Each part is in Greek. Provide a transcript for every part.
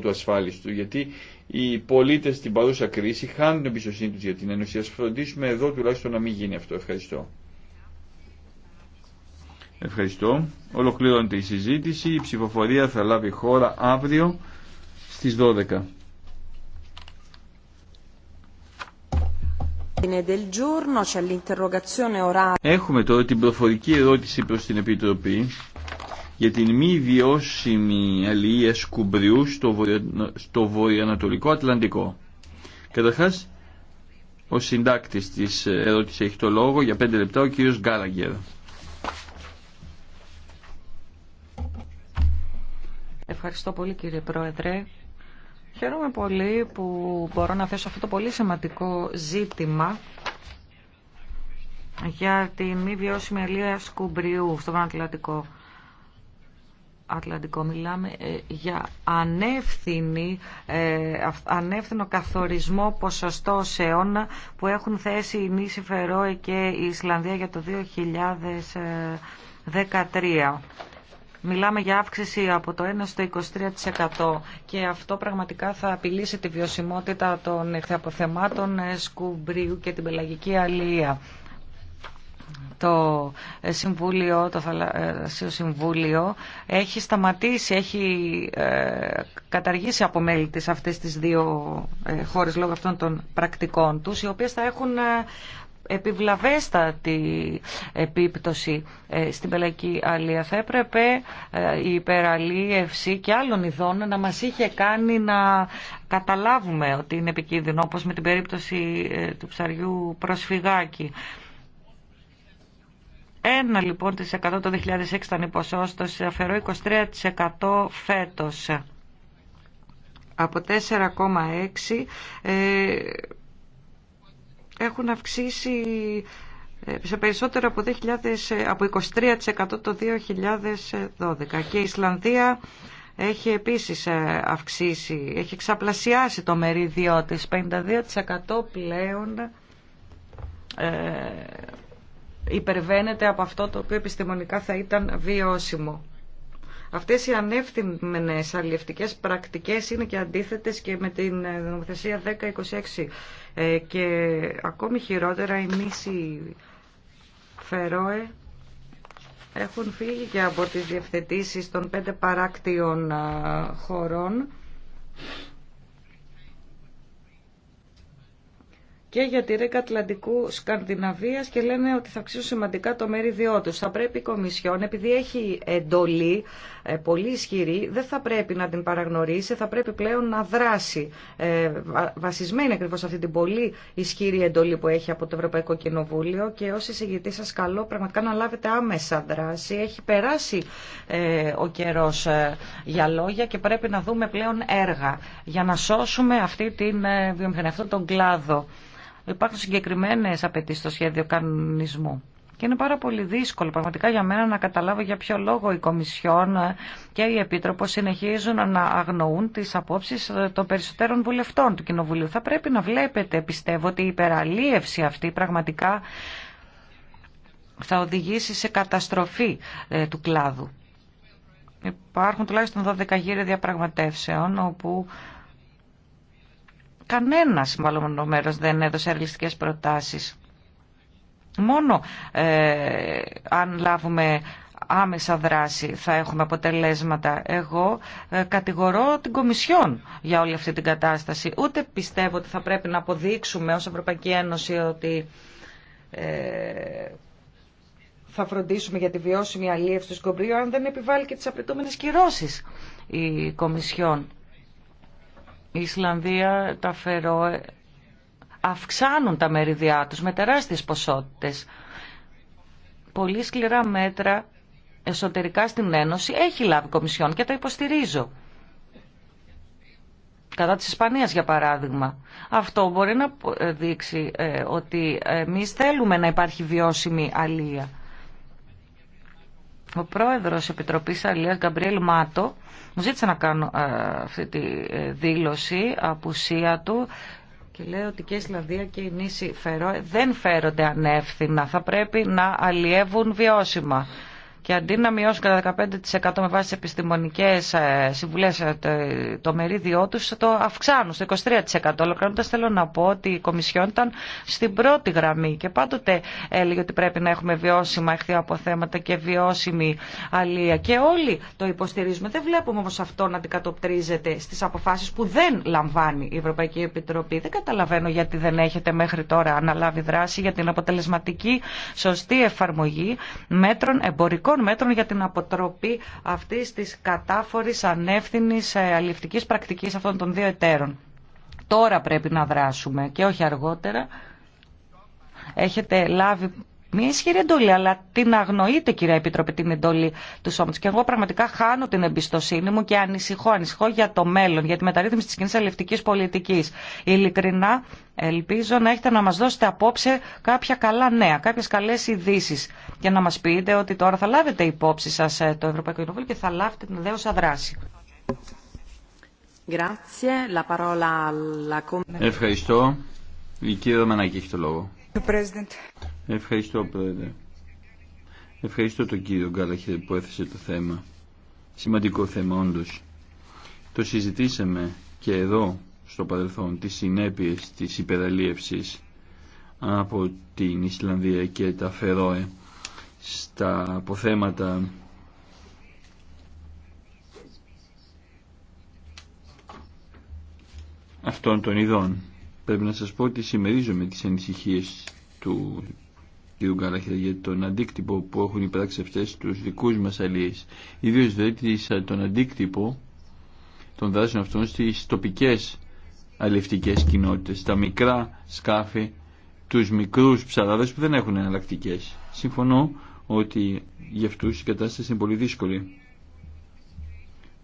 του ασφάλιστου, γιατί οι πολίτε στην παρούσα κρίση χάνουν την εμπιστοσύνη του για την Ένωση. Α φροντίσουμε εδώ τουλάχιστον να μην γίνει αυτό. Ευχαριστώ. Ευχαριστώ. Ολοκληρώνεται η συζήτηση. Η ψηφοφορία θα λάβει χώρα αύριο στις 12. Έχουμε τώρα την προφορική ερώτηση προς την Επιτροπή για την μη βιώσιμη αλληλεία σκουμπριού στο, βορειο, βορειοανατολικό Ατλαντικό. Καταρχάς, ο συντάκτης της ερώτηση έχει το λόγο για πέντε λεπτά, ο κύριος Γκάλαγκερ. Ευχαριστώ πολύ κύριε Πρόεδρε. Χαίρομαι πολύ που μπορώ να θέσω αυτό το πολύ σημαντικό ζήτημα για τη μη βιώσιμη αλληλεία σκουμπριού στο Ατλαντικό. Ατλαντικό. Μιλάμε ε, για ανεύθυνη, ε, ανεύθυνο καθορισμό ποσοστώσεων που έχουν θέσει η Νίση Φερόε και η Ισλανδία για το 2013. Ε, Μιλάμε για αύξηση από το 1% στο 23% και αυτό πραγματικά θα απειλήσει τη βιωσιμότητα των εχθεαποθεμάτων σκουμπρίου και την πελαγική αλία το Συμβούλιο, το Θαλασσίο ε, Συμβούλιο έχει σταματήσει, έχει ε, καταργήσει από μέλη της αυτές τις δύο ε, χώρες λόγω αυτών των πρακτικών τους, οι οποίες θα έχουν επιβλαβέστατη επίπτωση στην πελαϊκή αλία. Θα έπρεπε η υπεραλίευση και άλλων ειδών να μας είχε κάνει να καταλάβουμε ότι είναι επικίνδυνο, όπως με την περίπτωση του ψαριού προσφυγάκη λοιπόν της 100 το 2006 ήταν η ποσόστοση, αφαιρώ 23% φέτος. Από 4,6 ε, έχουν αυξήσει ε, σε περισσότερο από, 2000, ε, από 23% το 2012 και η Ισλανδία έχει επίσης ε, αυξήσει, έχει ξαπλασιάσει το μερίδιό της, 52% πλέον ε, υπερβαίνεται από αυτό το οποίο επιστημονικά θα ήταν βιώσιμο. Αυτές οι ανεύθυμενες αλληλευτικές πρακτικές είναι και αντίθετες και με την ε, νομοθεσία 1026 ε, και ακόμη χειρότερα οι νήσοι Φερόε έχουν φύγει και από τις διευθετήσεις των πέντε παράκτιων ε, χωρών και για τη ΡΕΚΑ Ατλαντικού Σκανδιναβία και λένε ότι θα αυξήσουν σημαντικά το μερίδιό του. Θα πρέπει η Κομισιόν, επειδή έχει εντολή ε, πολύ ισχυρή, δεν θα πρέπει να την παραγνωρίσει, θα πρέπει πλέον να δράσει ε, βασισμένη ακριβώ αυτή την πολύ ισχυρή εντολή που έχει από το Ευρωπαϊκό Κοινοβούλιο και ω εισηγητή σα καλό πραγματικά να λάβετε άμεσα δράση. Έχει περάσει ε, ο καιρός για λόγια και πρέπει να δούμε πλέον έργα για να σώσουμε αυτή την βιομηχανία, αυτόν τον κλάδο. Υπάρχουν συγκεκριμένε απαιτήσει στο σχέδιο κανονισμού. Και είναι πάρα πολύ δύσκολο πραγματικά για μένα να καταλάβω για ποιο λόγο η Κομισιόν και οι Επίτροπο συνεχίζουν να αγνοούν τι απόψει των περισσότερων βουλευτών του Κοινοβουλίου. Θα πρέπει να βλέπετε, πιστεύω, ότι η υπεραλίευση αυτή πραγματικά θα οδηγήσει σε καταστροφή ε, του κλάδου. Υπάρχουν τουλάχιστον 12 γύρια διαπραγματεύσεων όπου κανένας μάλλον μέρος δεν έδωσε σερλιστικές προτάσεις. Μόνο ε, αν λάβουμε άμεσα δράση θα έχουμε αποτελέσματα. Εγώ ε, κατηγορώ την Κομισιόν για όλη αυτή την κατάσταση. Ούτε πιστεύω ότι θα πρέπει να αποδείξουμε ως Ευρωπαϊκή Ένωση ότι ε, θα φροντίσουμε για τη βιώσιμη αλίευση του Σκομπρίου αν δεν επιβάλλει και τις απαιτούμενες κυρώσεις η Κομισιόν. Η Ισλανδία, τα Φερόε αυξάνουν τα μεριδιά τους με τεράστιες ποσότητες. Πολύ σκληρά μέτρα εσωτερικά στην Ένωση έχει λάβει κομισιόν και τα υποστηρίζω. Κατά της Ισπανίας, για παράδειγμα. Αυτό μπορεί να ε, δείξει ε, ότι εμεί θέλουμε να υπάρχει βιώσιμη αλία. Ο πρόεδρος Επιτροπής Αλίας, Γκαμπριέλ Μάτο, μου ζήτησε να κάνω ε, αυτή τη ε, δήλωση, απουσία του, και λέω ότι και η και η νήσι Φερό δεν φέρονται ανεύθυνα. Θα πρέπει να αλλιεύουν βιώσιμα. Και αντί να μειώσουν κατά 15% με βάση επιστημονικές ε, συμβουλές ε, το μερίδιό τους, το αυξάνουν στο 23%. Ολοκληρώνοντας θέλω να πω ότι η Κομισιόν ήταν στην πρώτη γραμμή και πάντοτε έλεγε ότι πρέπει να έχουμε βιώσιμα εχθεία αποθέματα και βιώσιμη αλία. Και όλοι το υποστηρίζουμε. Δεν βλέπουμε όμως αυτό να αντικατοπτρίζεται στις αποφάσεις που δεν λαμβάνει η Ευρωπαϊκή Επιτροπή. Δεν καταλαβαίνω γιατί δεν έχετε μέχρι τώρα αναλάβει δράση για την αποτελεσματική σωστή εφαρμογή μέτρων εμπορικών μέτρων για την αποτροπή αυτής της κατάφορης ανεύθυνης ε, αλληλευτικής πρακτική αυτών των δύο εταίρων. Τώρα πρέπει να δράσουμε και όχι αργότερα. Έχετε λάβει μια ισχυρή εντολή, αλλά την αγνοείτε κυρία Επίτροπε την εντολή του σώματο. Και εγώ πραγματικά χάνω την εμπιστοσύνη μου και ανησυχώ, ανησυχώ για το μέλλον, για τη μεταρρύθμιση τη κοινή αλληλευτική πολιτική. Ειλικρινά ελπίζω να έχετε να μα δώσετε απόψε κάποια καλά νέα, κάποιε καλέ ειδήσει και να μα πείτε ότι τώρα θα λάβετε υπόψη σα ε, το Ευρωπαϊκό Κοινοβούλιο και θα λάβετε την δέωσα δράση. Ευχαριστώ. Η κυρία Δαμανάκη έχει το λόγο. Ευχαριστώ πρόεδρε. Ευχαριστώ τον κύριο Γκάλαχερ που έθεσε το θέμα. Σημαντικό θέμα όντως. Το συζητήσαμε και εδώ στο παρελθόν τις συνέπειες της υπεραλίευσης από την Ισλανδία και τα Φερόε στα αποθέματα αυτών των ειδών. Πρέπει να σας πω ότι συμμερίζομαι τις ανησυχίες του Κύριε Γκάλαχερ για τον αντίκτυπο που έχουν οι αυτέ του δικού δικούς μας ιδίω Ιδίως τον αντίκτυπο των δράσεων αυτών στις τοπικές αλληλευτικέ κοινότητες, στα μικρά σκάφη, τους μικρούς ψαράδες που δεν έχουν εναλλακτικέ. Συμφωνώ ότι για αυτού η κατάσταση είναι πολύ δύσκολη.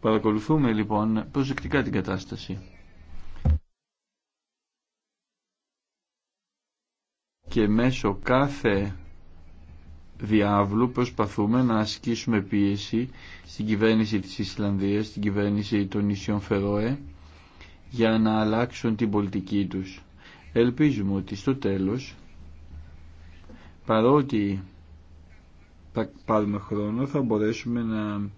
Παρακολουθούμε λοιπόν προσεκτικά την κατάσταση. και μέσω κάθε διάβλου προσπαθούμε να ασκήσουμε πίεση στην κυβέρνηση της Ισλανδίας, στην κυβέρνηση των νησιών Φερόε για να αλλάξουν την πολιτική τους. Ελπίζουμε ότι στο τέλος παρότι θα πάρουμε χρόνο θα μπορέσουμε να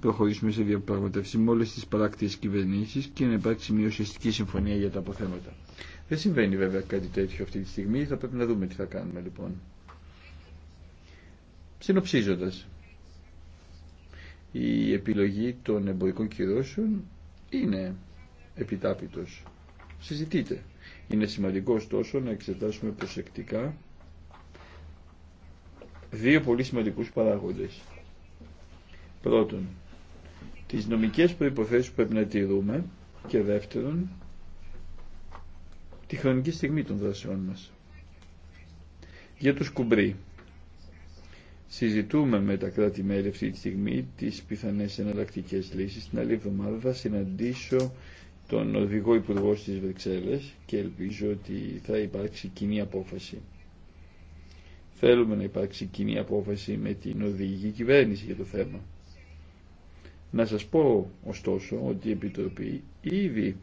προχωρήσουμε σε διαπραγματεύσει με όλες τις παράκτιες κυβερνήσεις και να υπάρξει μια ουσιαστική συμφωνία για τα αποθέματα. Δεν συμβαίνει βέβαια κάτι τέτοιο αυτή τη στιγμή. Θα πρέπει να δούμε τι θα κάνουμε λοιπόν. Συνοψίζοντας, η επιλογή των εμπορικών κυρώσεων είναι επιτάπητος. Συζητείτε. Είναι σημαντικό ωστόσο να εξετάσουμε προσεκτικά δύο πολύ σημαντικούς παράγοντες. Πρώτον, τις νομικές προϋποθέσεις που πρέπει να τηρούμε και δεύτερον, τη χρονική στιγμή των δράσεών μας. Για τους κουμπρί. Συζητούμε με τα κράτη-μέλη αυτή τη στιγμή τις πιθανές εναλλακτικέ λύσεις. Την άλλη εβδομάδα θα συναντήσω τον οδηγό υπουργό της Βρυξέλλες και ελπίζω ότι θα υπάρξει κοινή απόφαση. Θέλουμε να υπάρξει κοινή απόφαση με την οδηγική κυβέρνηση για το θέμα. Να σας πω ωστόσο ότι η Επιτροπή ήδη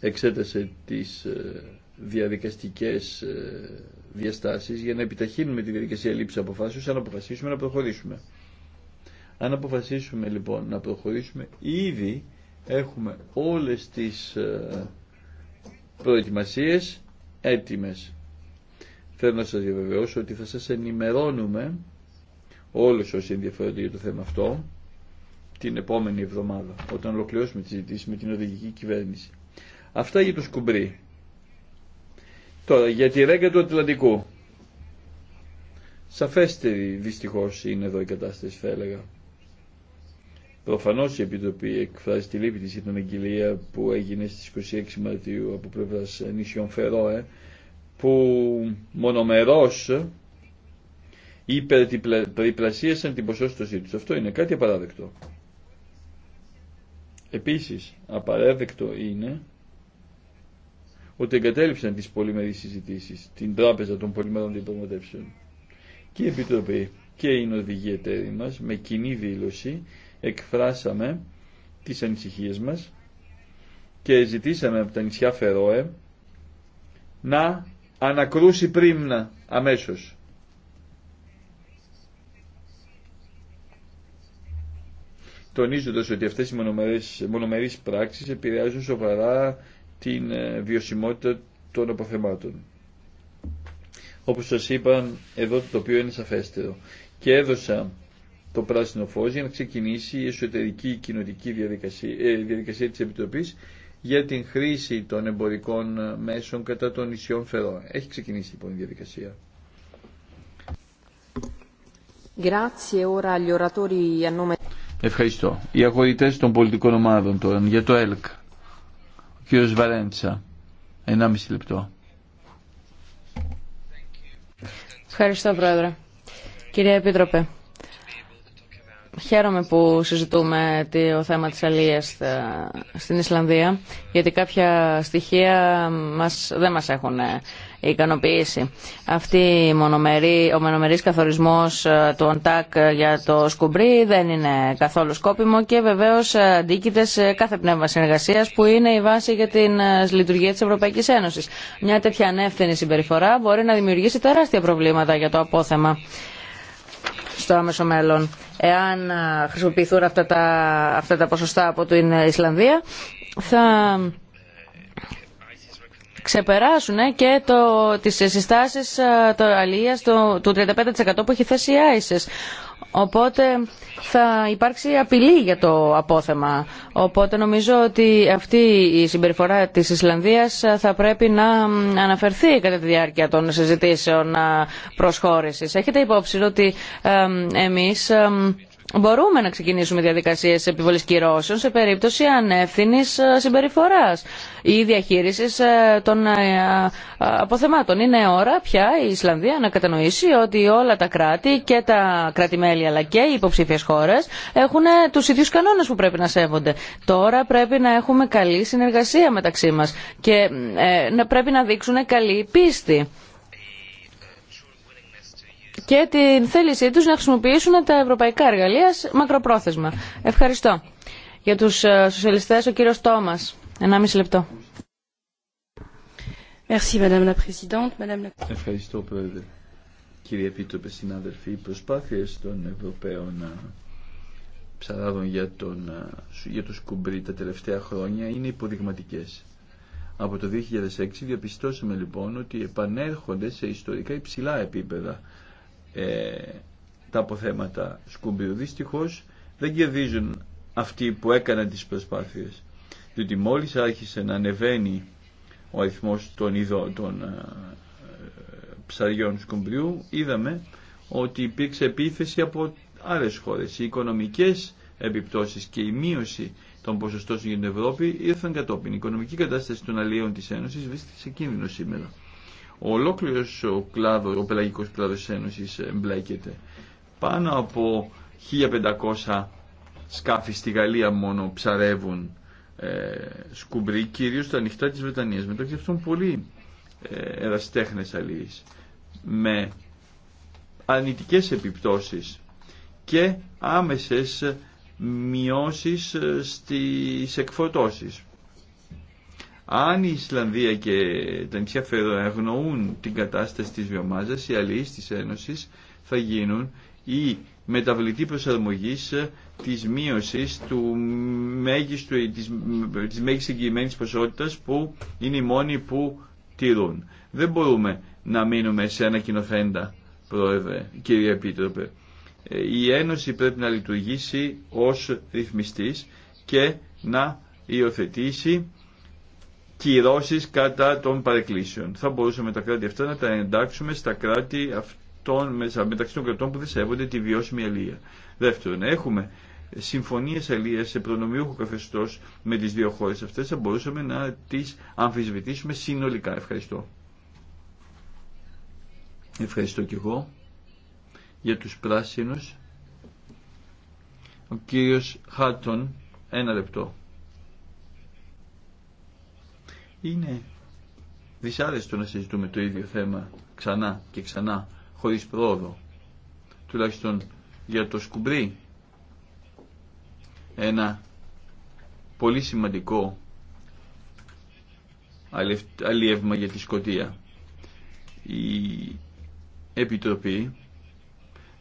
εξέτασε τις ε, διαδικαστικές ε, διαστάσεις για να επιταχύνουμε τη διαδικασία λήψη αποφάσεως αν αποφασίσουμε να προχωρήσουμε. Αν αποφασίσουμε λοιπόν να προχωρήσουμε ήδη έχουμε όλες τις ε, προετοιμασίες έτοιμες. Θέλω να σας διαβεβαιώσω ότι θα σας ενημερώνουμε όλους όσοι ενδιαφέρονται για το θέμα αυτό την επόμενη εβδομάδα όταν ολοκληρώσουμε τη συζήτηση με την οδηγική κυβέρνηση. Αυτά για το σκουμπρί. Τώρα, για τη ρέγκα του Ατλαντικού. Σαφέστερη δυστυχώς είναι εδώ η κατάσταση θα έλεγα. Προφανώς η Επιτροπή εκφράζει τη λύπη της για την αγγελία που έγινε στις 26 Μαρτίου από πλευράς νησιών Φερόε που μονομερός υπερτριπλασίασαν την ποσόστοσή τους. Αυτό είναι κάτι απαράδεκτο. Επίσης, απαράδεκτο είναι ότι εγκατέλειψαν τις πολυμερείς συζητήσεις, την τράπεζα των πολυμερών διαπραγματεύσεων. Και η Επιτροπή και οι Νορβηγή εταίροι μας, με κοινή δήλωση, εκφράσαμε τις ανησυχίες μας και ζητήσαμε από τα νησιά Φερόε να ανακρούσει πρίμνα αμέσως. τονίζοντας ότι αυτές οι μονομερείς, μονομερείς πράξεις επηρεάζουν σοβαρά την ε, βιωσιμότητα των αποθεμάτων. Όπως σας είπα, εδώ το τοπίο είναι σαφέστερο. Και έδωσα το πράσινο φως για να ξεκινήσει η εσωτερική κοινωτική διαδικασία, ε, διαδικασία της Επιτροπής για την χρήση των εμπορικών ε, μέσων κατά των νησιών Φερό. Έχει ξεκινήσει λοιπόν η διαδικασία. Ευχαριστώ. Οι αγορητές των πολιτικών ομάδων τώρα για το ΕΛΚ. Κύριος Βαρέντσα, 1,5 λεπτό. Ευχαριστώ, Πρόεδρε. Κύριε Επίτροπε, χαίρομαι που συζητούμε το θέμα της αλίας στην Ισλανδία, γιατί κάποια στοιχεία μας, δεν μας έχουν ε, ικανοποιήσει. Αυτή μονομερή, ο μονομερής καθορισμός ε, του ΟΝΤΑΚ για το σκουμπρί δεν είναι καθόλου σκόπιμο και βεβαίως ε, αντίκειται σε κάθε πνεύμα συνεργασίας που είναι η βάση για την ε, λειτουργία της Ευρωπαϊκής Ένωσης. Μια τέτοια ανεύθυνη συμπεριφορά μπορεί να δημιουργήσει τεράστια προβλήματα για το απόθεμα στο άμεσο μέλλον. Εάν χρησιμοποιηθούν αυτά τα, αυτά τα ποσοστά από την Ισλανδία, θα ξεπεράσουν ε, και το, τις συστάσεις ε, το αλίας το, του 35% που έχει θέσει η ΆΙΣΕΣ. Οπότε θα υπάρξει απειλή για το απόθεμα. Οπότε νομίζω ότι αυτή η συμπεριφορά της Ισλανδίας ε, θα πρέπει να αναφερθεί κατά τη διάρκεια των συζητήσεων προσχώρησης. Έχετε υπόψη ότι εμείς μπορούμε να ξεκινήσουμε διαδικασίες επιβολή κυρώσεων σε περίπτωση ανεύθυνης ε, συμπεριφορά ή διαχείριση ε, των ε, αποθεμάτων. Είναι ώρα πια η Ισλανδία να κατανοήσει ότι όλα τα κράτη και τα κράτη-μέλη αλλά και οι υποψήφιες χώρες έχουν τους ίδιους κανόνες που πρέπει να σέβονται. Τώρα πρέπει να έχουμε καλή συνεργασία μεταξύ μα και πρέπει να δείξουν καλή πίστη και την θέλησή τους να χρησιμοποιήσουν τα ευρωπαϊκά εργαλεία μακροπρόθεσμα. Ευχαριστώ. Για τους ε, σοσιαλιστές, ο κύριος Τόμας. μισή λεπτό. Ευχαριστώ, Πρόεδρε. Κύριε Επίτροπε, συνάδελφοι, οι προσπάθειε των Ευρωπαίων ε, ψαράδων για, τον, ε, για το σκουμπρί τα τελευταία χρόνια είναι υποδειγματικέ. Από το 2006 διαπιστώσαμε λοιπόν ότι επανέρχονται σε ιστορικά υψηλά επίπεδα ε, τα αποθέματα σκουμπίου. Δυστυχώ δεν κερδίζουν αυτοί που έκαναν τις προσπάθειες. Διότι μόλις άρχισε να ανεβαίνει ο αριθμός των, των ε, ψαριών σκουμπριού, είδαμε ότι υπήρξε επίθεση από άλλες χώρες. Οι οικονομικές επιπτώσεις και η μείωση των ποσοστών για την Ευρώπη ήρθαν κατόπιν. Η οικονομική κατάσταση των αλλιών της Ένωσης βρίσκεται σε κίνδυνο σήμερα. Ολόκληρος ο, κλάδος, ο πελαγικός κλάδος της Ένωσης εμπλέκεται. Πάνω από 1500 σκάφη στη Γαλλία μόνο ψαρεύουν ε, σκουμπρί, κυρίως στα ανοιχτά της Βρετανίας. Μεταξύ αυτών πολλοί ε, εραστέχνες αλληλείς με αρνητικές επιπτώσεις και άμεσες μειώσεις ε, στις εκφορτώσεις. Αν η Ισλανδία και τα νησιά Φέρο αγνοούν την κατάσταση της βιομάζας, οι αλληλείς της Ένωσης θα γίνουν η μεταβλητή προσαρμογή της μείωσης του μέγιστου, της, της μέγιστης ποσότητας που είναι οι μόνοι που τηρούν. Δεν μπορούμε να μείνουμε σε ένα κοινοθέντα, πρόεδρε, κύριε Επίτροπε. Ε, η Ένωση πρέπει να λειτουργήσει ως ρυθμιστής και να υιοθετήσει κυρώσεις κατά των παρεκκλήσεων. Θα μπορούσαμε τα κράτη αυτά να τα εντάξουμε στα κράτη αυτών, μεταξύ των κρατών που δεν τη βιώσιμη αλληλεία. Δεύτερον, έχουμε συμφωνίες αλληλείας σε προνομιούχο καθεστώς με τις δύο χώρες αυτές, θα μπορούσαμε να τις αμφισβητήσουμε συνολικά. Ευχαριστώ. Ευχαριστώ και εγώ για τους πράσινους. Ο κύριος Χάτον, ένα λεπτό. Είναι δυσάρεστο να συζητούμε το ίδιο θέμα ξανά και ξανά χωρίς πρόοδο. Τουλάχιστον για το σκουμπρί ένα πολύ σημαντικό αλλιεύμα για τη σκοτία. Η Επιτροπή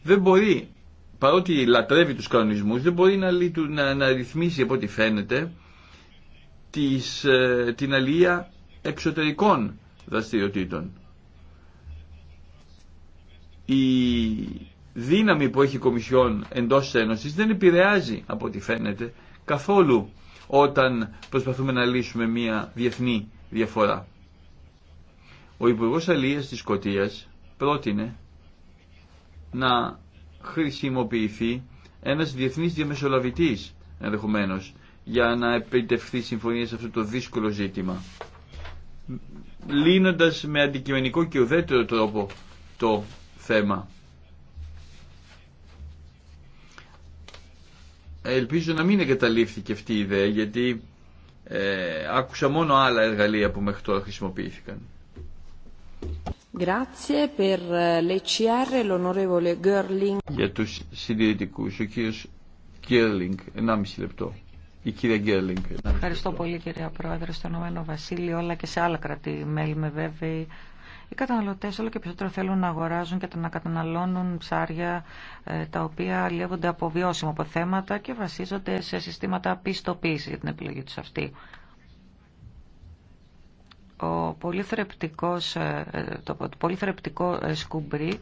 δεν μπορεί, παρότι λατρεύει τους κανονισμούς, δεν μπορεί να, να, να ρυθμίσει από ό,τι φαίνεται της, ε, την αλληλεία εξωτερικών δραστηριοτήτων. Η δύναμη που έχει η Κομισιόν εντός της Ένωσης δεν επηρεάζει από ό,τι φαίνεται καθόλου όταν προσπαθούμε να λύσουμε μια διεθνή διαφορά. Ο Υπουργός Αλίας της Σκοτίας πρότεινε να χρησιμοποιηθεί ένας διεθνής διαμεσολαβητής ενδεχομένω για να επιτευχθεί συμφωνία σε αυτό το δύσκολο ζήτημα. Λύνοντας με αντικειμενικό και ουδέτερο τρόπο το θέμα. Ελπίζω να μην εγκαταλείφθηκε αυτή η ιδέα γιατί ε, άκουσα μόνο άλλα εργαλεία που μέχρι τώρα χρησιμοποιήθηκαν. Ε, για τους συντηρητικούς, ο κύριος Γκέρλινγκ, 1,5 λεπτό η κυρία Γκέρλινγκ. Ευχαριστώ πολύ κυρία Πρόεδρε στον Ηνωμένο Βασίλειο όλα και σε άλλα κρατή μέλη με βέβαιη. Οι καταναλωτές όλο και περισσότερο θέλουν να αγοράζουν και να καταναλώνουν ψάρια ε, τα οποία λέγονται από βιώσιμα αποθέματα και βασίζονται σε συστήματα πιστοποίηση για την επιλογή τους αυτή. Ο πολύ θρεπτικός, ε, ε, το πολύ θρεπτικό σκουμπρί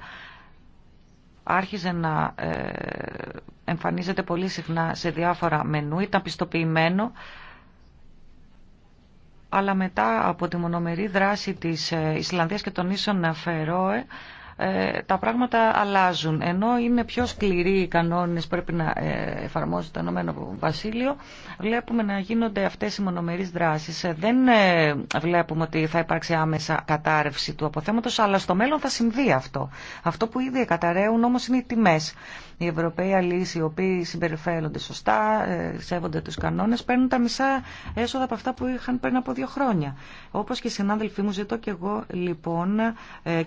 άρχιζε να ε, εμφανίζεται πολύ συχνά σε διάφορα μενού, ήταν πιστοποιημένο, αλλά μετά από τη μονομερή δράση της ε, Ισλανδίας και των ίσων Φερόε ε, τα πράγματα αλλάζουν. Ενώ είναι πιο σκληροί οι κανόνε που πρέπει να ε, εφαρμόζει το Ηνωμένο Βασίλειο, βλέπουμε να γίνονται αυτέ οι μονομερείς δράσεις. Ε, δεν βλέπουμε ότι θα υπάρξει άμεσα κατάρρευση του αποθέματο, αλλά στο μέλλον θα συμβεί αυτό. Αυτό που ήδη καταραίουν όμω είναι οι τιμέ. Οι Ευρωπαίοι αλήσει, οι οποίοι συμπεριφέρονται σωστά, σέβονται του κανόνε, παίρνουν τα μισά έσοδα από αυτά που είχαν πριν από δύο χρόνια. Όπω και οι συνάδελφοί μου ζητώ και εγώ λοιπόν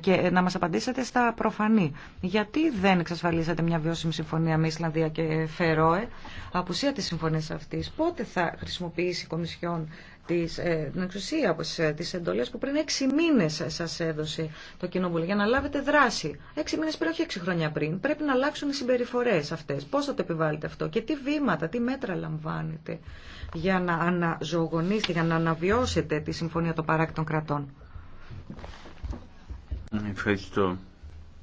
και να μα απαντήσετε στα προφανή. Γιατί δεν εξασφαλίσατε μια βιώσιμη συμφωνία με Ισλανδία και Φερόε, απουσία της συμφωνίας αυτής. Πότε θα χρησιμοποιήσει η Κομισιόν της, ε, την εξουσία από ε, τις εντολές που πριν έξι μήνες σας έδωσε το Κοινοβούλιο για να λάβετε δράση. Έξι μήνες πριν, όχι έξι χρόνια πριν. Πρέπει να αλλάξουν οι συμπεριφορές αυτές. Πώς θα το επιβάλλετε αυτό και τι βήματα, τι μέτρα λαμβάνετε για να αναζωογονήσετε, για να αναβιώσετε τη Συμφωνία των Παράκτων Κρατών. Ευχαριστώ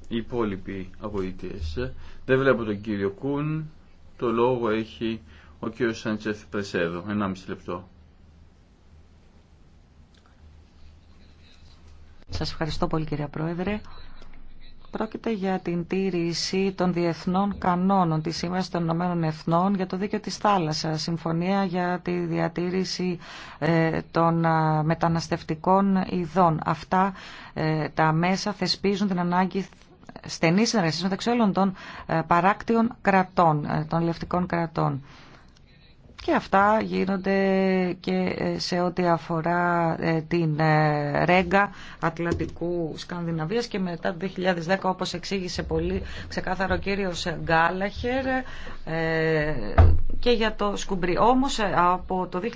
οι υπόλοιποι αγωγητές. Δεν βλέπω τον κύριο Κούν. Το λόγο έχει ο κύριος Σαντσέφ Πρεσέδο. 1,5 λεπτό. Σας ευχαριστώ πολύ κύριε Πρόεδρε. Πρόκειται για την τήρηση των διεθνών κανόνων της Σύμβασης των Ηνωμένων Εθνών για το Δίκαιο της Θάλασσας, Συμφωνία για τη Διατήρηση ε, των Μεταναστευτικών Ειδών. Αυτά ε, τα μέσα θεσπίζουν την ανάγκη στενή συνεργασία μεταξύ όλων των ε, παράκτιων κρατών, ε, των λευτικών κρατών. Και αυτά γίνονται και ε, σε ό,τι αφορά την ρέγγα Ατλαντικού Σκανδιναβίας και μετά το 2010 όπως εξήγησε πολύ ξεκάθαρο ο κύριος Γκάλαχερ και για το σκουμπρί. Όμως ε, από το 2006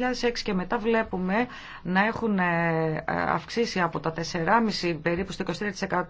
και μετά βλέπουμε να έχουν ε, αυξήσει από τα 4,5 περίπου στο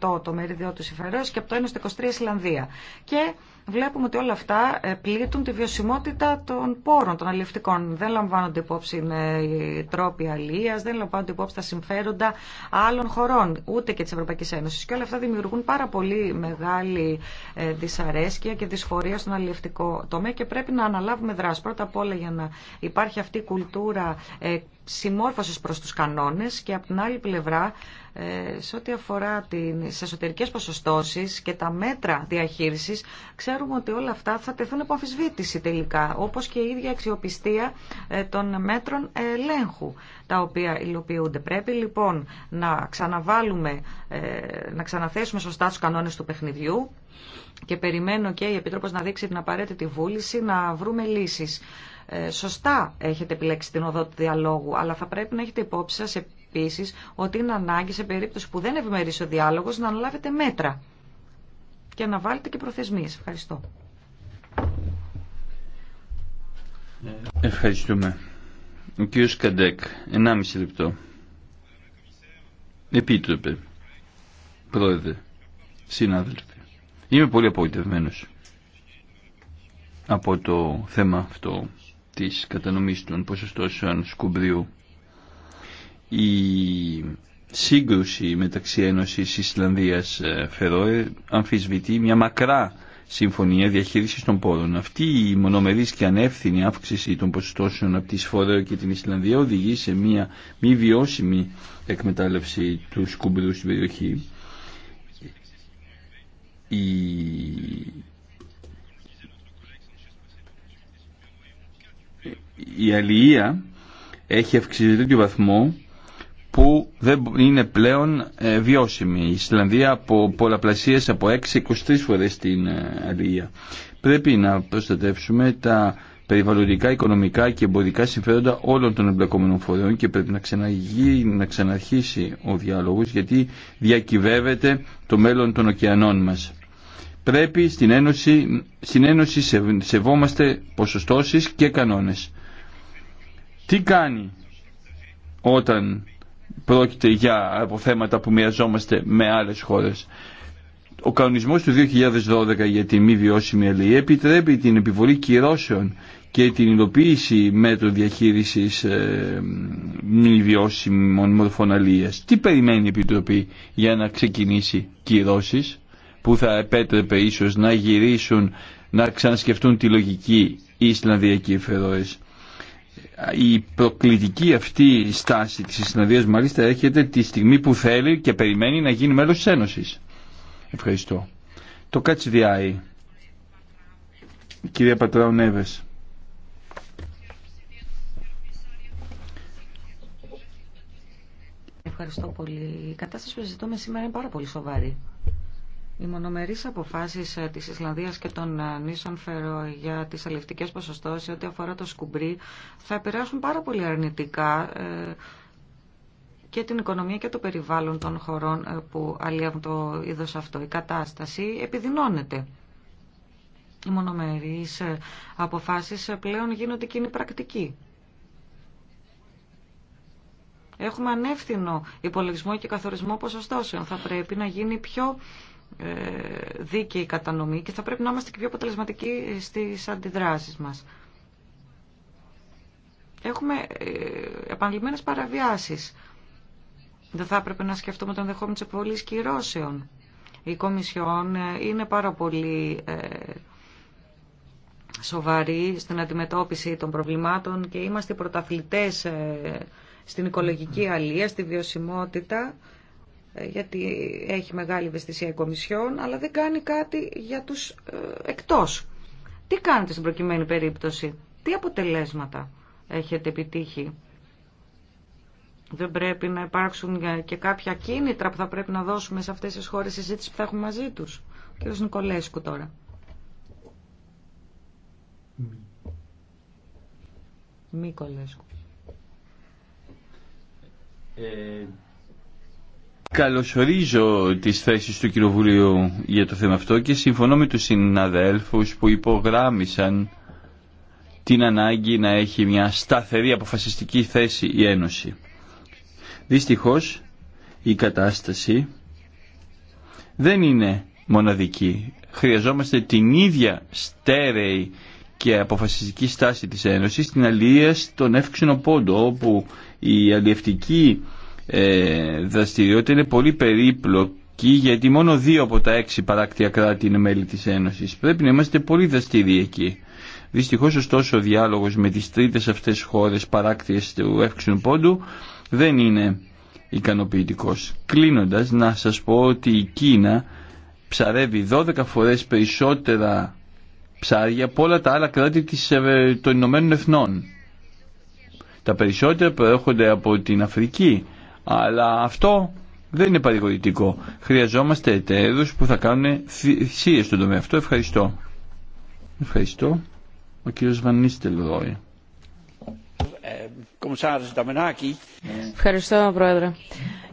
23% το μερίδιο του συμφερέως και από το 1 στο 23 Ισλανδία. Και βλέπουμε ότι όλα αυτά ε, πλήττουν τη βιωσιμότητα των πόρων, των αλληλευτικών. Δεν λαμβάνονται υπόψη οι τρόποι αλληλεία, δεν λαμβάνονται υπόψη τα συμφέροντα άλλων χωρών, ούτε και τη Ευρωπαϊκή Ένωση. Και όλα αυτά δημιουργούν πάρα πολύ μεγάλη ε, δυσαρέσκεια και δυσφορία στον αλληλευτικό τομέα και πρέπει να αναλάβουμε δράση. Πρώτα απ' όλα για να υπάρχει αυτή η κουλτούρα ε, συμμόρφωσης προς τους κανόνες και από την άλλη πλευρά ε, σε ό,τι αφορά τις εσωτερικές ποσοστώσεις και τα μέτρα διαχείρισης ξέρουμε ότι όλα αυτά θα τεθούν από αμφισβήτηση τελικά όπως και η ίδια αξιοπιστία ε, των μέτρων ελέγχου τα οποία υλοποιούνται. Πρέπει λοιπόν να ξαναβάλουμε, ε, να ξαναθέσουμε σωστά τους κανόνες του παιχνιδιού και περιμένω και η Επίτροπος να δείξει την απαραίτητη βούληση να βρούμε λύσεις. Ε, σωστά έχετε επιλέξει την οδό του διαλόγου, αλλά θα πρέπει να έχετε υπόψη σας επίσης ότι είναι ανάγκη σε περίπτωση που δεν ευημερίσει ο διάλογος να αναλάβετε μέτρα και να βάλετε και προθεσμίες. Ευχαριστώ. Ευχαριστούμε. Ο κύριος Καντέκ, 1,5 λεπτό. Επίτροπε, πρόεδρε, συνάδελφοι. Είμαι πολύ απογοητευμένος από το θέμα αυτό της κατανομής των ποσοστώσεων σκουμπριού. Η σύγκρουση μεταξύ Ένωσης Ισλανδίας ε, Φερόε αμφισβητεί μια μακρά συμφωνία διαχείριση των πόρων. Αυτή η μονομερή και ανεύθυνη αύξηση των ποσοστώσεων από τη Σφορέο και την Ισλανδία οδηγεί σε μια μη βιώσιμη εκμετάλλευση του σκουμπρού στην περιοχή. Η η αλληλεία έχει αυξηθεί το βαθμό που δεν είναι πλέον ε, βιώσιμη. Η Ισλανδία από πολλαπλασίες από 6-23 φορές την ε, αλληλεία. Πρέπει να προστατεύσουμε τα περιβαλλοντικά, οικονομικά και εμπορικά συμφέροντα όλων των εμπλεκόμενων φορέων και πρέπει να, ξαναγεί, να ξαναρχίσει ο διάλογος γιατί διακυβεύεται το μέλλον των ωκεανών μας πρέπει στην Ένωση, στην Ένωση σεβόμαστε ποσοστώσεις και κανόνες. Τι κάνει όταν πρόκειται για αποθέματα που μοιραζόμαστε με άλλες χώρες. Ο κανονισμός του 2012 για τη μη βιώσιμη αλληλή επιτρέπει την επιβολή κυρώσεων και την υλοποίηση μέτρων διαχείρισης ε, μη βιώσιμων μορφών αλληλίας. Τι περιμένει η Επιτροπή για να ξεκινήσει κυρώσεις που θα επέτρεπε ίσως να γυρίσουν, να ξανασκεφτούν τη λογική οι Ισλανδιακοί Φερόες. Η προκλητική αυτή στάση της Ισλανδίας μάλιστα έρχεται τη στιγμή που θέλει και περιμένει να γίνει μέλος της Ένωσης. Ευχαριστώ. Το Κάτσι Κυρία Πατράου Νέβες. Ευχαριστώ πολύ. Η κατάσταση που ζητούμε σήμερα είναι πάρα πολύ σοβαρή. Οι μονομερείς αποφάσεις ε, της Ισλανδίας και των ε, νήσων Φερό για τις αλληλευτικές ποσοστώσεις ό,τι αφορά το σκουμπρί θα επηρεάσουν πάρα πολύ αρνητικά ε, και την οικονομία και το περιβάλλον των χωρών που αλλιεύουν το είδος αυτό. Η κατάσταση επιδεινώνεται. Οι μονομερείς αποφάσεις πλέον γίνονται κοινή πρακτική. Έχουμε ανεύθυνο υπολογισμό και καθορισμό ποσοστώσεων. Θα πρέπει να γίνει πιο ε, δίκαιη κατανομή και θα πρέπει να είμαστε και πιο αποτελεσματικοί στις αντιδράσεις μας. Έχουμε ε, επανειλημμένες παραβιάσεις. Δεν θα έπρεπε να σκεφτούμε τον ενδεχόμενο της επιβολής κυρώσεων. Η Κομισιόν ε, είναι πάρα πολύ σοβαρή στην αντιμετώπιση των προβλημάτων και είμαστε πρωταθλητές στην οικολογική αλία, στη βιωσιμότητα ε, γιατί έχει μεγάλη ευαισθησία η Κομισιόν, αλλά δεν κάνει κάτι για τους ε, εκτός. Τι κάνετε στην προκειμένη περίπτωση, τι αποτελέσματα έχετε επιτύχει. Δεν πρέπει να υπάρξουν και κάποια κίνητρα που θα πρέπει να δώσουμε σε αυτές τις χώρες συζήτηση που θα έχουμε μαζί τους. Ο κ. Νικολέσκου τώρα. Μη Κολέσκου. Ε, Καλωσορίζω τις θέσεις του Κοινοβουλίου για το θέμα αυτό και συμφωνώ με τους συναδέλφους που υπογράμμισαν την ανάγκη να έχει μια σταθερή αποφασιστική θέση η Ένωση. Δυστυχώς η κατάσταση δεν είναι μοναδική. Χρειαζόμαστε την ίδια στέρεη και αποφασιστική στάση της Ένωσης στην αλληλεία στον εύξηνο πόντο όπου η αλληλευτική ε, δραστηριότητα είναι πολύ περίπλοκη γιατί μόνο δύο από τα έξι παράκτια κράτη είναι μέλη της Ένωσης. Πρέπει να είμαστε πολύ δραστηριοί εκεί. Δυστυχώς ωστόσο ο διάλογος με τις τρίτες αυτές χώρες παράκτιες του εύξηνου πόντου δεν είναι ικανοποιητικός. Κλείνοντας να σας πω ότι η Κίνα ψαρεύει 12 φορές περισσότερα ψάρια από όλα τα άλλα κράτη της, ε, των Ηνωμένων Εθνών. Τα περισσότερα προέρχονται από την Αφρική αλλά αυτό δεν είναι παρηγορητικό. Χρειαζόμαστε εταίρους που θα κάνουν θυσίες στον τομέα αυτό. Ευχαριστώ. Ευχαριστώ. Ο κύριος Βανίστελ Ρόι. Ευχαριστώ, Πρόεδρε.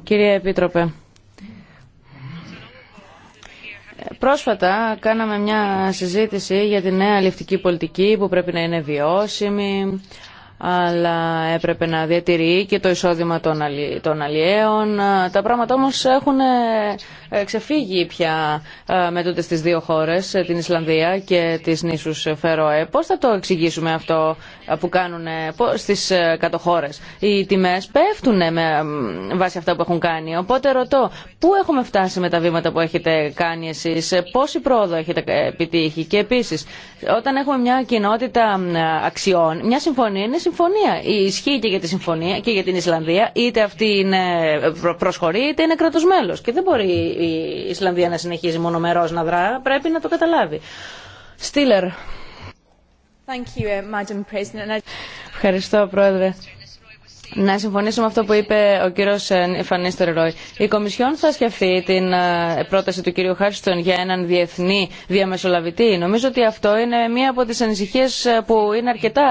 Κύριε Επίτροπε, Πρόσφατα κάναμε μια συζήτηση για τη νέα ληφτική πολιτική που πρέπει να είναι βιώσιμη, αλλά έπρεπε να διατηρεί και το εισόδημα των αλλιέων. Τα πράγματα όμως έχουν ε, ε, ξεφύγει πια ε, με τούτε δύο χώρες, ε, την Ισλανδία και τις νήσους Φερόε. Πώς θα το εξηγήσουμε αυτό που κάνουν στις κατοχώρες. Οι τιμές πέφτουν με βάση αυτά που έχουν κάνει. Οπότε ρωτώ, πού έχουμε φτάσει με τα βήματα που έχετε κάνει εσείς, πόση πρόοδο έχετε επιτύχει και επίσης όταν έχουμε μια κοινότητα αξιών, μια συμφωνία είναι συμφωνία. ισχύει και για τη συμφωνία και για την Ισλανδία, είτε αυτή είναι προσχωρή είτε είναι κράτος μέλος. Και δεν μπορεί η Ισλανδία να συνεχίζει μονομερό να δρά, πρέπει να το καταλάβει. Στήλερ. Thank you, Madam President. Ευχαριστώ, Πρόεδρε να συμφωνήσω με αυτό που είπε ο κύριο ε, Φανίστερ Ρόι. Η Κομισιόν θα σκεφτεί την ε, πρόταση του κύριου Χάριστον για έναν διεθνή διαμεσολαβητή. Νομίζω ότι αυτό είναι μία από τι ανησυχίε ε, που είναι αρκετά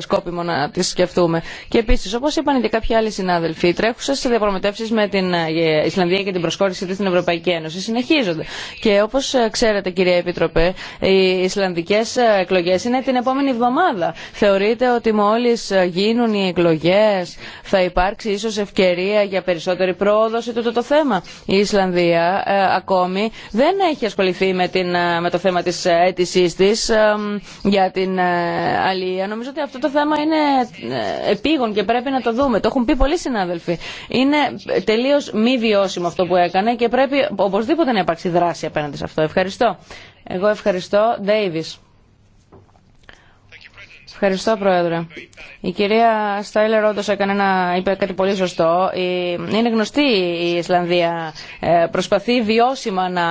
σκόπιμο να τι σκεφτούμε. Και επίση, όπω είπαν και κάποιοι άλλοι συνάδελφοι, οι τρέχουσε διαπραγματεύσει με την Ισλανδία και την προσχώρηση τη στην Ευρωπαϊκή Ένωση συνεχίζονται. Και όπω ξέρετε, κύριε Επίτροπε, οι Ισλανδικέ εκλογέ είναι την επόμενη εβδομάδα. Θεωρείτε ότι μόλι γίνουν οι εκλογέ θα υπάρξει ίσως ευκαιρία για περισσότερη πρόοδο σε τούτο το θέμα. Η Ισλανδία ε, ακόμη δεν έχει ασχοληθεί με, την, ε, με το θέμα της αίτησή τη ε, για την ε, αλληλεία. Νομίζω ότι αυτό το θέμα είναι επίγον και πρέπει να το δούμε. Το έχουν πει πολλοί συνάδελφοι. Είναι τελείως μη βιώσιμο αυτό που έκανε και πρέπει οπωσδήποτε να υπάρξει δράση απέναντι σε αυτό. Ευχαριστώ. Εγώ ευχαριστώ. Davis. Ευχαριστώ, Πρόεδρε. Η κυρία Στάιλερ όντω έκανε ένα, είπε κάτι πολύ σωστό. Είναι γνωστή η Ισλανδία. Ε, προσπαθεί βιώσιμα να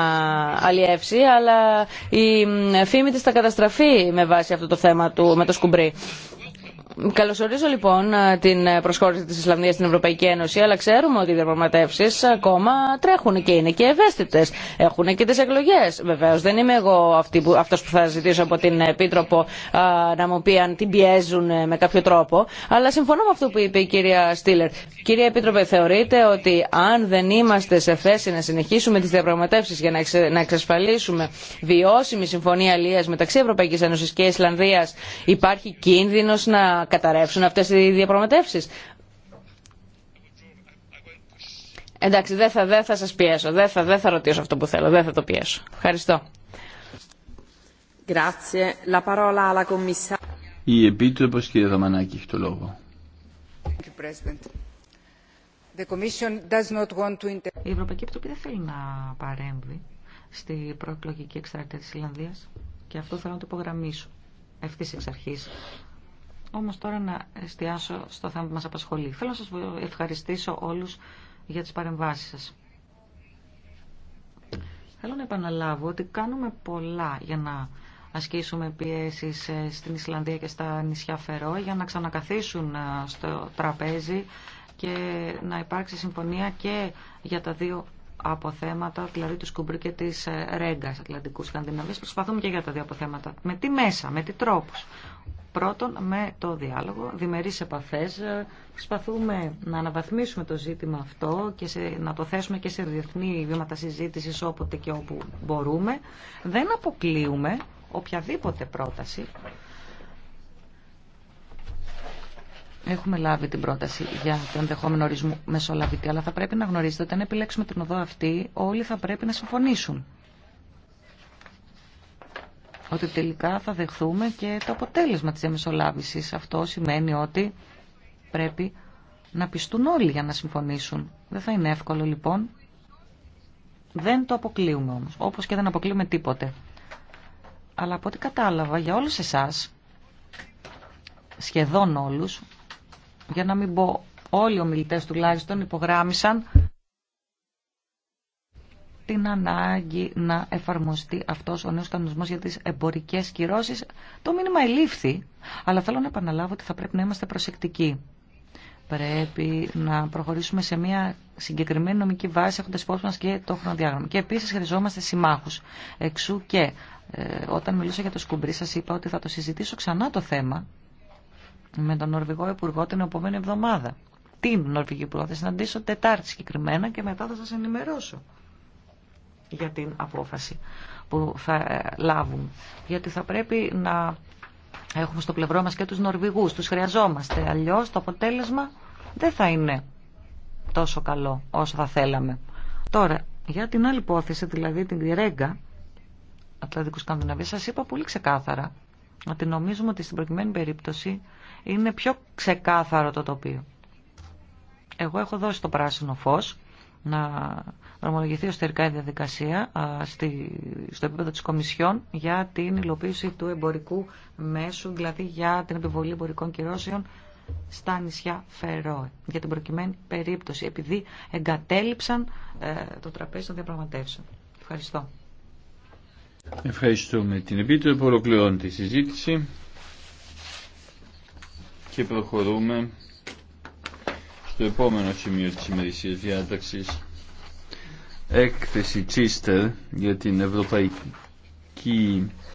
αλλιεύσει, αλλά η φήμη τη θα καταστραφεί με βάση αυτό το θέμα του, με το σκουμπρί. Καλωσορίζω λοιπόν ε, την ε, προσχώρηση τη Ισλανδία στην Ευρωπαϊκή Ένωση, αλλά ξέρουμε ότι οι διαπραγματεύσει ακόμα τρέχουν και είναι και ευαίσθητε. Έχουν και τι εκλογέ. Βεβαίω, δεν είμαι εγώ αυτό που, θα ζητήσω από την Επίτροπο να μου πει αν την πιέζουν ε, με κάποιο τρόπο, αλλά συμφωνώ με αυτό που είπε η κυρία Στήλερ. Κυρία Επίτροπε, θεωρείτε ότι αν δεν είμαστε σε θέση να συνεχίσουμε τι διαπραγματεύσει για να εξασφαλίσουμε βιώσιμη συμφωνία αλληλία μεταξύ Ευρωπαϊκή Ένωση και Ισλανδία. υπάρχει κίνδυνο να καταρρεύσουν αυτές οι διαπραγματεύσεις. Εντάξει, δεν θα, δεν σας πιέσω, δεν θα, ρωτήσω αυτό που θέλω, δεν θα το πιέσω. Ευχαριστώ. Η Επίτροπος κ. Δαμανάκη έχει Η Ευρωπαϊκή Επιτροπή δεν θέλει να παρέμβει στη προεκλογική εξαρτία της Ιλλανδίας και αυτό θέλω να το υπογραμμίσω ευθύς εξ αρχής όμως τώρα να εστιάσω στο θέμα που μας απασχολεί. Θέλω να σας ευχαριστήσω όλους για τις παρεμβάσεις σας. Θέλω να επαναλάβω ότι κάνουμε πολλά για να ασκήσουμε πιέσεις ε, στην Ισλανδία και στα νησιά Φερό για να ξανακαθίσουν ε, στο τραπέζι και να υπάρξει συμφωνία και για τα δύο αποθέματα, δηλαδή του Σκουμπρί και τη ε, Ρέγκα Ατλαντικού Σκανδιναβία. Προσπαθούμε και για τα δύο αποθέματα. Με τι μέσα, με τι τρόπου. Πρώτον, με το διάλογο, διμερείς επαφές, ε, προσπαθούμε να αναβαθμίσουμε το ζήτημα αυτό και σε, να το θέσουμε και σε διεθνή βήματα συζήτησης όποτε και όπου μπορούμε. Δεν αποκλείουμε οποιαδήποτε πρόταση. Έχουμε λάβει την πρόταση για τον ενδεχόμενο ορισμό μεσολαβητή, αλλά θα πρέπει να γνωρίζετε ότι αν επιλέξουμε την οδό αυτή, όλοι θα πρέπει να συμφωνήσουν ότι τελικά θα δεχθούμε και το αποτέλεσμα της διαμεσολάβησης. Αυτό σημαίνει ότι πρέπει να πιστούν όλοι για να συμφωνήσουν. Δεν θα είναι εύκολο λοιπόν. Δεν το αποκλείουμε όμως, όπως και δεν αποκλείουμε τίποτε. Αλλά από ό,τι κατάλαβα για όλους εσάς, σχεδόν όλους, για να μην πω όλοι οι ομιλητές τουλάχιστον υπογράμμισαν την ανάγκη να εφαρμοστεί αυτό ο νέος κανονισμός για τις εμπορικές κυρώσεις. Το μήνυμα ελήφθη, αλλά θέλω να επαναλάβω ότι θα πρέπει να είμαστε προσεκτικοί. Πρέπει να προχωρήσουμε σε μια συγκεκριμένη νομική βάση έχοντας υπόψη μας και το χρονοδιάγραμμα. Και επίσης χρειαζόμαστε συμμάχους. Εξού και ε, όταν μιλούσα για το σκουμπρί σας είπα ότι θα το συζητήσω ξανά το θέμα με τον Νορβηγό Υπουργό την επόμενη εβδομάδα. Την Νορβηγική Υπουργό θα συναντήσω Τετάρτη συγκεκριμένα και μετά θα σας ενημερώσω για την απόφαση που θα ε, λάβουν. Γιατί θα πρέπει να έχουμε στο πλευρό μας και τους Νορβηγούς, τους χρειαζόμαστε. Αλλιώς το αποτέλεσμα δεν θα είναι τόσο καλό όσο θα θέλαμε. Τώρα, για την άλλη υπόθεση, δηλαδή την Ρέγκα, Ατλαντικού Σκανδιναβία, σας είπα πολύ ξεκάθαρα ότι νομίζουμε ότι στην προκειμένη περίπτωση είναι πιο ξεκάθαρο το τοπίο. Εγώ έχω δώσει το πράσινο φως να ο εσωτερικά η διαδικασία στη, στο επίπεδο της Κομισιόν για την υλοποίηση του εμπορικού μέσου, δηλαδή για την επιβολή εμπορικών κυρώσεων στα νησιά Φερόε, για την προκειμένη περίπτωση, επειδή εγκατέλειψαν ε, το τραπέζι των διαπραγματεύσεων. Ευχαριστώ. Ευχαριστούμε την Επίτροπο. Ολοκληρώνει τη συζήτηση και προχωρούμε το επόμενο σημείο της ημερησίας διάταξης έκθεση Τσίστερ για την Ευρωπαϊκή